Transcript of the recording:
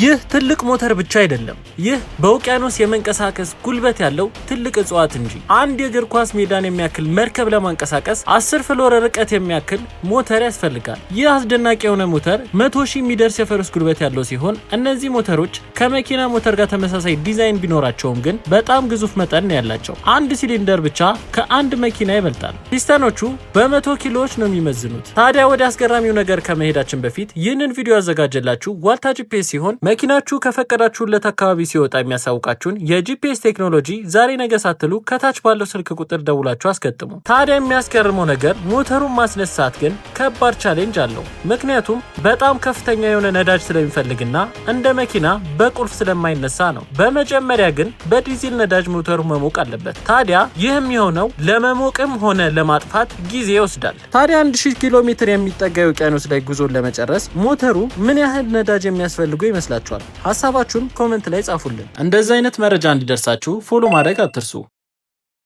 ይህ ትልቅ ሞተር ብቻ አይደለም። ይህ በውቅያኖስ የመንቀሳቀስ ጉልበት ያለው ትልቅ እጽዋት እንጂ አንድ የእግር ኳስ ሜዳን የሚያክል መርከብ ለማንቀሳቀስ አስር ፍሎር ርቀት የሚያክል ሞተር ያስፈልጋል። ይህ አስደናቂ የሆነ ሞተር መቶ ሺህ የሚደርስ የፈረስ ጉልበት ያለው ሲሆን እነዚህ ሞተሮች ከመኪና ሞተር ጋር ተመሳሳይ ዲዛይን ቢኖራቸውም ግን በጣም ግዙፍ መጠን ነው ያላቸው። አንድ ሲሊንደር ብቻ ከአንድ መኪና ይበልጣል። ፒስተኖቹ በመቶ ኪሎዎች ነው የሚመዝኑት። ታዲያ ወደ አስገራሚው ነገር ከመሄዳችን በፊት ይህንን ቪዲዮ ያዘጋጀላችሁ ዋልታ ጂፒኤስ ሲሆን መኪናችሁ ከፈቀዳችሁለት አካባቢ ሲወጣ የሚያሳውቃችሁን የጂፒኤስ ቴክኖሎጂ ዛሬ ነገ ሳትሉ ከታች ባለው ስልክ ቁጥር ደውላችሁ አስገጥሙ። ታዲያ የሚያስገርመው ነገር ሞተሩን ማስነሳት ግን ከባድ ቻሌንጅ አለው። ምክንያቱም በጣም ከፍተኛ የሆነ ነዳጅ ስለሚፈልግና እንደ መኪና በቁልፍ ስለማይነሳ ነው። በመጀመሪያ ግን በዲዚል ነዳጅ ሞተሩ መሞቅ አለበት። ታዲያ ይህም የሆነው ለመሞቅም ሆነ ለማጥፋት ጊዜ ይወስዳል። ታዲያ 1000 ኪሎ ሜትር የሚጠጋ የውቅያኖስ ላይ ጉዞን ለመጨረስ ሞተሩ ምን ያህል ነዳጅ የሚያስፈልገው ይመስላል? ይመስላችኋል? ሀሳባችሁን ኮመንት ላይ ጻፉልን። እንደዚህ አይነት መረጃ እንዲደርሳችሁ ፎሎ ማድረግ አትርሱ።